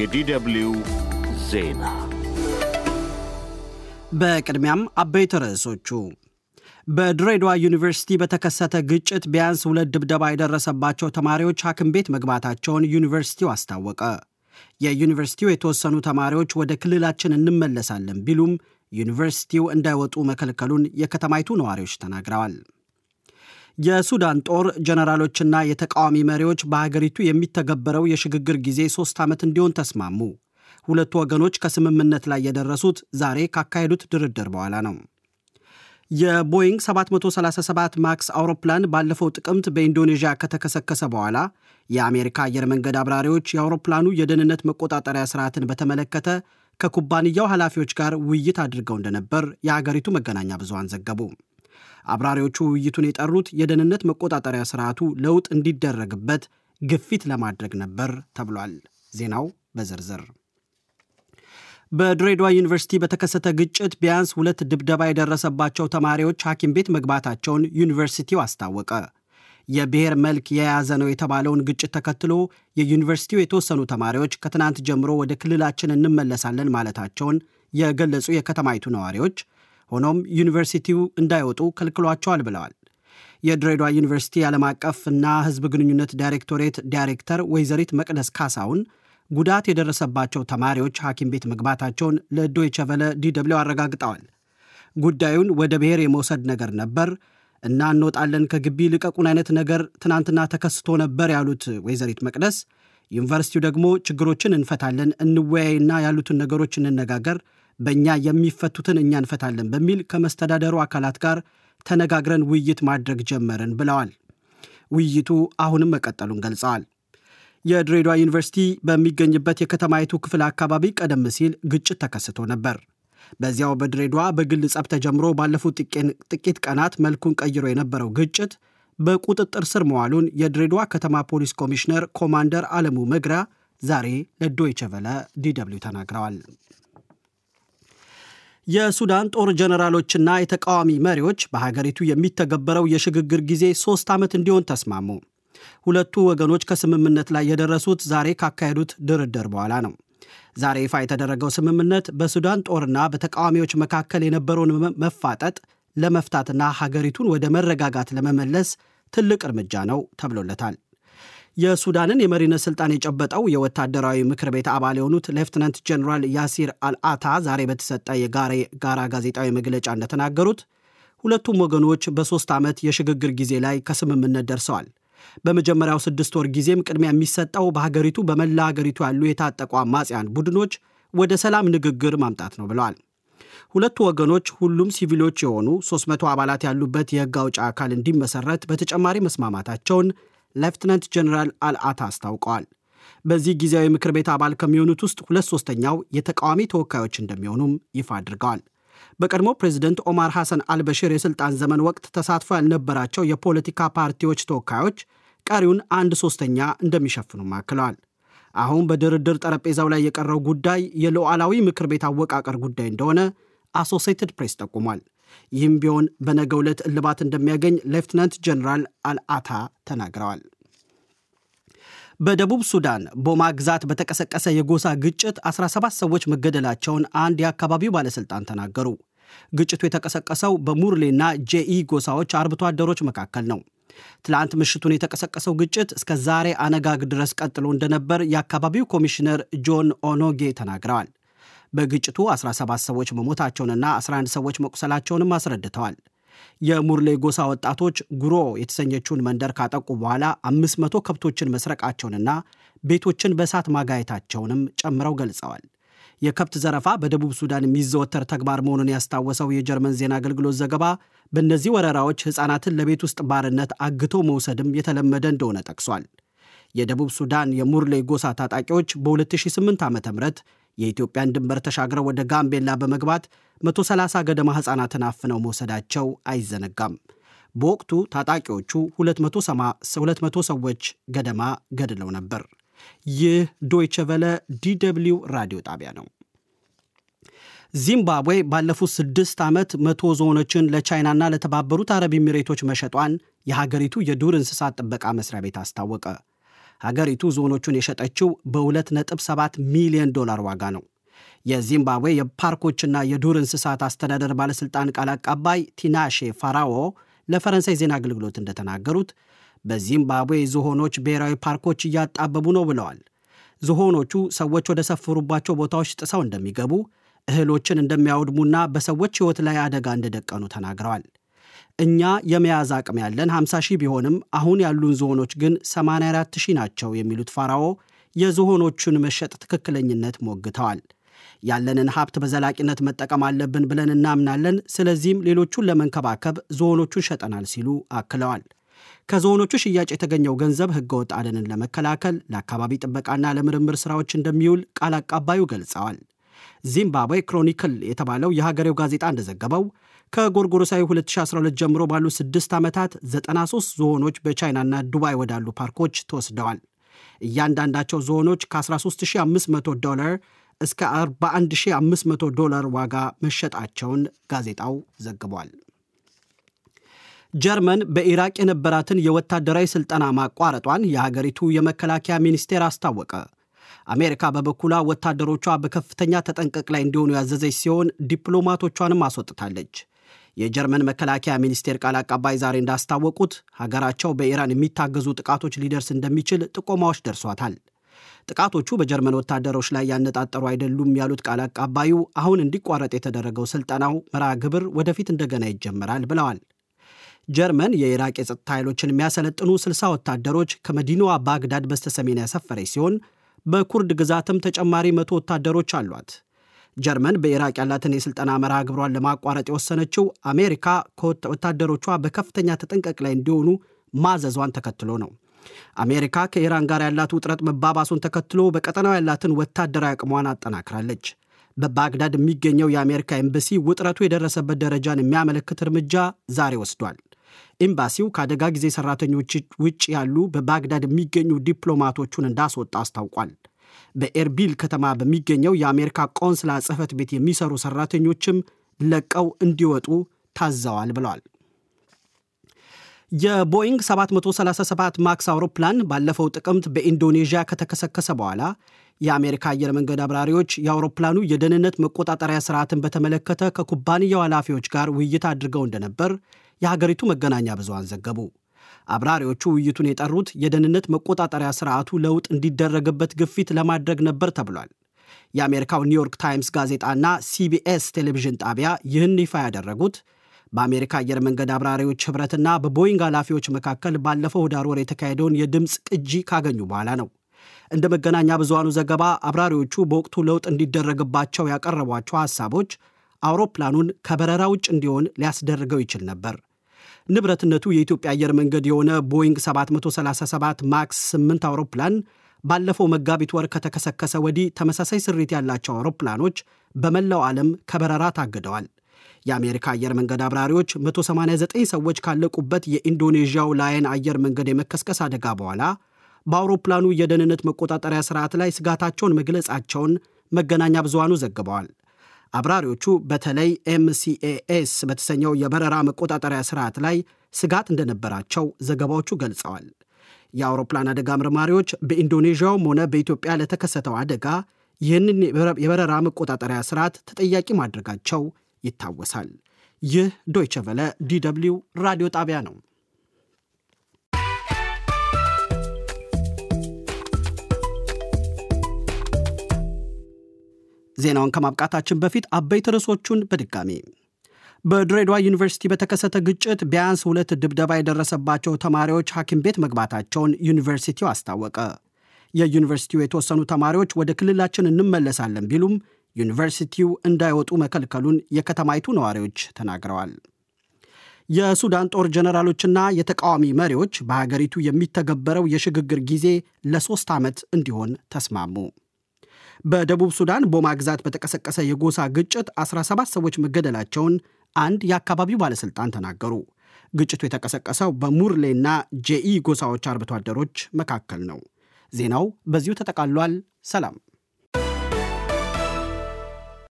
የዲደብሊው ዜና በቅድሚያም አበይት ርዕሶቹ በድሬዳዋ ዩኒቨርሲቲ በተከሰተ ግጭት ቢያንስ ሁለት ድብደባ የደረሰባቸው ተማሪዎች ሐኪም ቤት መግባታቸውን ዩኒቨርሲቲው አስታወቀ። የዩኒቨርሲቲው የተወሰኑ ተማሪዎች ወደ ክልላችን እንመለሳለን ቢሉም ዩኒቨርሲቲው እንዳይወጡ መከልከሉን የከተማይቱ ነዋሪዎች ተናግረዋል። የሱዳን ጦር ጀነራሎችና የተቃዋሚ መሪዎች በሀገሪቱ የሚተገበረው የሽግግር ጊዜ ሦስት ዓመት እንዲሆን ተስማሙ። ሁለቱ ወገኖች ከስምምነት ላይ የደረሱት ዛሬ ካካሄዱት ድርድር በኋላ ነው። የቦይንግ 737 ማክስ አውሮፕላን ባለፈው ጥቅምት በኢንዶኔዥያ ከተከሰከሰ በኋላ የአሜሪካ አየር መንገድ አብራሪዎች የአውሮፕላኑ የደህንነት መቆጣጠሪያ ስርዓትን በተመለከተ ከኩባንያው ኃላፊዎች ጋር ውይይት አድርገው እንደነበር የአገሪቱ መገናኛ ብዙሃን ዘገቡ። አብራሪዎቹ ውይይቱን የጠሩት የደህንነት መቆጣጠሪያ ስርዓቱ ለውጥ እንዲደረግበት ግፊት ለማድረግ ነበር ተብሏል። ዜናው በዝርዝር በድሬዳዋ ዩኒቨርሲቲ በተከሰተ ግጭት ቢያንስ ሁለት ድብደባ የደረሰባቸው ተማሪዎች ሐኪም ቤት መግባታቸውን ዩኒቨርሲቲው አስታወቀ። የብሔር መልክ የያዘ ነው የተባለውን ግጭት ተከትሎ የዩኒቨርሲቲው የተወሰኑ ተማሪዎች ከትናንት ጀምሮ ወደ ክልላችን እንመለሳለን ማለታቸውን የገለጹ የከተማይቱ ነዋሪዎች ሆኖም ዩኒቨርሲቲው እንዳይወጡ ከልክሏቸዋል ብለዋል። የድሬዳዋ ዩኒቨርሲቲ ዓለም አቀፍ እና ሕዝብ ግንኙነት ዳይሬክቶሬት ዳይሬክተር ወይዘሪት መቅደስ ካሳውን ጉዳት የደረሰባቸው ተማሪዎች ሐኪም ቤት መግባታቸውን ለዶይቸ ቨለ ዲደብሊው አረጋግጠዋል። ጉዳዩን ወደ ብሔር የመውሰድ ነገር ነበር እና እንወጣለን ከግቢ ልቀቁን አይነት ነገር ትናንትና ተከስቶ ነበር ያሉት ወይዘሪት መቅደስ ዩኒቨርሲቲው ደግሞ ችግሮችን እንፈታለን፣ እንወያይና ያሉትን ነገሮች እንነጋገር በእኛ የሚፈቱትን እኛ እንፈታለን በሚል ከመስተዳደሩ አካላት ጋር ተነጋግረን ውይይት ማድረግ ጀመርን ብለዋል። ውይይቱ አሁንም መቀጠሉን ገልጸዋል። የድሬዳዋ ዩኒቨርሲቲ በሚገኝበት የከተማይቱ ክፍል አካባቢ ቀደም ሲል ግጭት ተከስቶ ነበር። በዚያው በድሬዳዋ በግል ጸብ ተጀምሮ ባለፉት ጥቂት ቀናት መልኩን ቀይሮ የነበረው ግጭት በቁጥጥር ስር መዋሉን የድሬዳዋ ከተማ ፖሊስ ኮሚሽነር ኮማንደር አለሙ መግሪያ ዛሬ ለዶይቸ ቨለ ተናግረዋል። የሱዳን ጦር ጀነራሎችና የተቃዋሚ መሪዎች በሀገሪቱ የሚተገበረው የሽግግር ጊዜ ሦስት ዓመት እንዲሆን ተስማሙ። ሁለቱ ወገኖች ከስምምነት ላይ የደረሱት ዛሬ ካካሄዱት ድርድር በኋላ ነው። ዛሬ ይፋ የተደረገው ስምምነት በሱዳን ጦርና በተቃዋሚዎች መካከል የነበረውን መፋጠጥ ለመፍታትና ሀገሪቱን ወደ መረጋጋት ለመመለስ ትልቅ እርምጃ ነው ተብሎለታል። የሱዳንን የመሪነት ስልጣን የጨበጠው የወታደራዊ ምክር ቤት አባል የሆኑት ሌፍትናንት ጀኔራል ያሲር አልአታ ዛሬ በተሰጠ የጋሬ ጋራ ጋዜጣዊ መግለጫ እንደተናገሩት ሁለቱም ወገኖች በሦስት ዓመት የሽግግር ጊዜ ላይ ከስምምነት ደርሰዋል። በመጀመሪያው ስድስት ወር ጊዜም ቅድሚያ የሚሰጠው በሀገሪቱ በመላ ሀገሪቱ ያሉ የታጠቁ አማጽያን ቡድኖች ወደ ሰላም ንግግር ማምጣት ነው ብለዋል። ሁለቱ ወገኖች ሁሉም ሲቪሎች የሆኑ 300 አባላት ያሉበት የሕግ አውጪ አካል እንዲመሰረት በተጨማሪ መስማማታቸውን ሌፍትናንት ጀኔራል አልአታ አስታውቀዋል። በዚህ ጊዜያዊ ምክር ቤት አባል ከሚሆኑት ውስጥ ሁለት ሶስተኛው የተቃዋሚ ተወካዮች እንደሚሆኑም ይፋ አድርገዋል። በቀድሞ ፕሬዝደንት ኦማር ሐሰን አልበሽር የሥልጣን ዘመን ወቅት ተሳትፎ ያልነበራቸው የፖለቲካ ፓርቲዎች ተወካዮች ቀሪውን አንድ ሶስተኛ እንደሚሸፍኑም አክለዋል። አሁን በድርድር ጠረጴዛው ላይ የቀረው ጉዳይ የሉዓላዊ ምክር ቤት አወቃቀር ጉዳይ እንደሆነ አሶሴትድ ፕሬስ ጠቁሟል። ይህም ቢሆን በነገ ዕለት እልባት እንደሚያገኝ ሌፍትናንት ጀኔራል አልአታ ተናግረዋል። በደቡብ ሱዳን ቦማ ግዛት በተቀሰቀሰ የጎሳ ግጭት 17 ሰዎች መገደላቸውን አንድ የአካባቢው ባለሥልጣን ተናገሩ። ግጭቱ የተቀሰቀሰው በሙርሌና ጄኢ ጎሳዎች አርብቶ አደሮች መካከል ነው። ትላንት ምሽቱን የተቀሰቀሰው ግጭት እስከ ዛሬ አነጋግ ድረስ ቀጥሎ እንደነበር የአካባቢው ኮሚሽነር ጆን ኦኖጌ ተናግረዋል። በግጭቱ 17 ሰዎች መሞታቸውንና 11 ሰዎች መቁሰላቸውንም አስረድተዋል። የሙርሌ ጎሳ ወጣቶች ጉሮ የተሰኘችውን መንደር ካጠቁ በኋላ 500 ከብቶችን መስረቃቸውንና ቤቶችን በእሳት ማጋየታቸውንም ጨምረው ገልጸዋል። የከብት ዘረፋ በደቡብ ሱዳን የሚዘወተር ተግባር መሆኑን ያስታወሰው የጀርመን ዜና አገልግሎት ዘገባ በእነዚህ ወረራዎች ሕፃናትን ለቤት ውስጥ ባርነት አግቶ መውሰድም የተለመደ እንደሆነ ጠቅሷል። የደቡብ ሱዳን የሙርሌ ጎሳ ታጣቂዎች በ2008 ዓ ም የኢትዮጵያን ድንበር ተሻግረው ወደ ጋምቤላ በመግባት 130 ገደማ ሕፃናትን አፍነው መውሰዳቸው አይዘነጋም። በወቅቱ ታጣቂዎቹ 200 ሰዎች ገደማ ገድለው ነበር። ይህ ዶይቸ ቨለ ዲደብሊው ራዲዮ ጣቢያ ነው። ዚምባብዌ ባለፉት ስድስት ዓመት መቶ ዞኖችን ለቻይናና ለተባበሩት አረብ ኤሚሬቶች መሸጧን የሀገሪቱ የዱር እንስሳት ጥበቃ መስሪያ ቤት አስታወቀ። ሀገሪቱ ዞኖቹን የሸጠችው በ2.7 ሚሊዮን ዶላር ዋጋ ነው። የዚምባብዌ የፓርኮችና የዱር እንስሳት አስተዳደር ባለሥልጣን ቃል አቀባይ ቲናሼ ፋራዎ ለፈረንሳይ ዜና አገልግሎት እንደተናገሩት በዚምባብዌ ዝሆኖች ብሔራዊ ፓርኮች እያጣበቡ ነው ብለዋል። ዝሆኖቹ ሰዎች ወደ ሰፈሩባቸው ቦታዎች ጥሰው እንደሚገቡ፣ እህሎችን እንደሚያወድሙና በሰዎች ሕይወት ላይ አደጋ እንደደቀኑ ተናግረዋል። እኛ የመያዝ አቅም ያለን 50 ሺህ ቢሆንም አሁን ያሉን ዝሆኖች ግን 84 ሺህ ናቸው የሚሉት ፋራኦ የዝሆኖቹን መሸጥ ትክክለኝነት ሞግተዋል። ያለንን ሀብት በዘላቂነት መጠቀም አለብን ብለን እናምናለን። ስለዚህም ሌሎቹን ለመንከባከብ ዝሆኖቹን ሸጠናል ሲሉ አክለዋል። ከዝሆኖቹ ሽያጭ የተገኘው ገንዘብ ሕገወጥ አደንን ለመከላከል ለአካባቢ ጥበቃና ለምርምር ስራዎች እንደሚውል ቃል አቃባዩ ገልጸዋል። ዚምባብዌ ክሮኒክል የተባለው የሀገሬው ጋዜጣ እንደዘገበው ከጎርጎሮሳዊ 2012 ጀምሮ ባሉ ስድስት ዓመታት 93 ዝሆኖች በቻይናና ዱባይ ወዳሉ ፓርኮች ተወስደዋል። እያንዳንዳቸው ዝሆኖች ከ13500 ዶላር እስከ 41500 ዶላር ዋጋ መሸጣቸውን ጋዜጣው ዘግቧል። ጀርመን በኢራቅ የነበራትን የወታደራዊ ሥልጠና ማቋረጧን የሀገሪቱ የመከላከያ ሚኒስቴር አስታወቀ። አሜሪካ በበኩሏ ወታደሮቿ በከፍተኛ ተጠንቀቅ ላይ እንዲሆኑ ያዘዘች ሲሆን ዲፕሎማቶቿንም አስወጥታለች። የጀርመን መከላከያ ሚኒስቴር ቃል አቀባይ ዛሬ እንዳስታወቁት ሀገራቸው በኢራን የሚታገዙ ጥቃቶች ሊደርስ እንደሚችል ጥቆማዎች ደርሷታል። ጥቃቶቹ በጀርመን ወታደሮች ላይ ያነጣጠሩ አይደሉም ያሉት ቃል አቀባዩ አሁን እንዲቋረጥ የተደረገው ስልጠናው መርሃ ግብር ወደፊት እንደገና ይጀመራል ብለዋል። ጀርመን የኢራቅ የጸጥታ ኃይሎችን የሚያሰለጥኑ 60 ወታደሮች ከመዲናዋ ባግዳድ በስተሰሜን ያሰፈረች ሲሆን በኩርድ ግዛትም ተጨማሪ መቶ ወታደሮች አሏት። ጀርመን በኢራቅ ያላትን የሥልጠና መርሃ ግብሯን ለማቋረጥ የወሰነችው አሜሪካ ወታደሮቿ በከፍተኛ ተጠንቀቅ ላይ እንዲሆኑ ማዘዟን ተከትሎ ነው። አሜሪካ ከኢራን ጋር ያላት ውጥረት መባባሱን ተከትሎ በቀጠናው ያላትን ወታደራዊ አቅሟን አጠናክራለች። በባግዳድ የሚገኘው የአሜሪካ ኤምበሲ ውጥረቱ የደረሰበት ደረጃን የሚያመለክት እርምጃ ዛሬ ወስዷል። ኤምባሲው ከአደጋ ጊዜ ሰራተኞች ውጭ ያሉ በባግዳድ የሚገኙ ዲፕሎማቶቹን እንዳስወጣ አስታውቋል። በኤርቢል ከተማ በሚገኘው የአሜሪካ ቆንስላ ጽህፈት ቤት የሚሰሩ ሰራተኞችም ለቀው እንዲወጡ ታዘዋል ብለዋል። የቦይንግ 737 ማክስ አውሮፕላን ባለፈው ጥቅምት በኢንዶኔዥያ ከተከሰከሰ በኋላ የአሜሪካ አየር መንገድ አብራሪዎች የአውሮፕላኑ የደህንነት መቆጣጠሪያ ስርዓትን በተመለከተ ከኩባንያው ኃላፊዎች ጋር ውይይት አድርገው እንደነበር የሀገሪቱ መገናኛ ብዙሃን ዘገቡ። አብራሪዎቹ ውይይቱን የጠሩት የደህንነት መቆጣጠሪያ ስርዓቱ ለውጥ እንዲደረግበት ግፊት ለማድረግ ነበር ተብሏል። የአሜሪካው ኒውዮርክ ታይምስ ጋዜጣና ሲቢኤስ ቴሌቪዥን ጣቢያ ይህን ይፋ ያደረጉት በአሜሪካ አየር መንገድ አብራሪዎች ኅብረትና በቦይንግ ኃላፊዎች መካከል ባለፈው ኅዳር ወር የተካሄደውን የድምፅ ቅጂ ካገኙ በኋላ ነው። እንደ መገናኛ ብዙሃኑ ዘገባ አብራሪዎቹ በወቅቱ ለውጥ እንዲደረግባቸው ያቀረቧቸው ሐሳቦች አውሮፕላኑን ከበረራ ውጭ እንዲሆን ሊያስደርገው ይችል ነበር። ንብረትነቱ የኢትዮጵያ አየር መንገድ የሆነ ቦይንግ 737 ማክስ 8 አውሮፕላን ባለፈው መጋቢት ወር ከተከሰከሰ ወዲህ ተመሳሳይ ስሪት ያላቸው አውሮፕላኖች በመላው ዓለም ከበረራ ታግደዋል። የአሜሪካ አየር መንገድ አብራሪዎች 189 ሰዎች ካለቁበት የኢንዶኔዥያው ላየን አየር መንገድ የመከስከስ አደጋ በኋላ በአውሮፕላኑ የደህንነት መቆጣጠሪያ ስርዓት ላይ ስጋታቸውን መግለጻቸውን መገናኛ ብዙሃኑ ዘግበዋል። አብራሪዎቹ በተለይ ኤምሲኤኤስ በተሰኘው የበረራ መቆጣጠሪያ ስርዓት ላይ ስጋት እንደነበራቸው ዘገባዎቹ ገልጸዋል። የአውሮፕላን አደጋ ምርማሪዎች በኢንዶኔዥያውም ሆነ በኢትዮጵያ ለተከሰተው አደጋ ይህንን የበረራ መቆጣጠሪያ ስርዓት ተጠያቂ ማድረጋቸው ይታወሳል። ይህ ዶይቸ ቨለ ራዲዮ ጣቢያ ነው። ዜናውን ከማብቃታችን በፊት አበይት ርዕሶቹን በድጋሚ በድሬዳዋ ዩኒቨርሲቲ በተከሰተ ግጭት ቢያንስ ሁለት ድብደባ የደረሰባቸው ተማሪዎች ሐኪም ቤት መግባታቸውን ዩኒቨርሲቲው አስታወቀ። የዩኒቨርሲቲው የተወሰኑ ተማሪዎች ወደ ክልላችን እንመለሳለን ቢሉም ዩኒቨርሲቲው እንዳይወጡ መከልከሉን የከተማይቱ ነዋሪዎች ተናግረዋል። የሱዳን ጦር ጀነራሎችና የተቃዋሚ መሪዎች በሀገሪቱ የሚተገበረው የሽግግር ጊዜ ለሦስት ዓመት እንዲሆን ተስማሙ። በደቡብ ሱዳን ቦማ ግዛት በተቀሰቀሰ የጎሳ ግጭት 17 ሰዎች መገደላቸውን አንድ የአካባቢው ባለሥልጣን ተናገሩ። ግጭቱ የተቀሰቀሰው በሙርሌና ጄኢ ጎሳዎች አርብቶ አደሮች መካከል ነው። ዜናው በዚሁ ተጠቃሏል። ሰላም።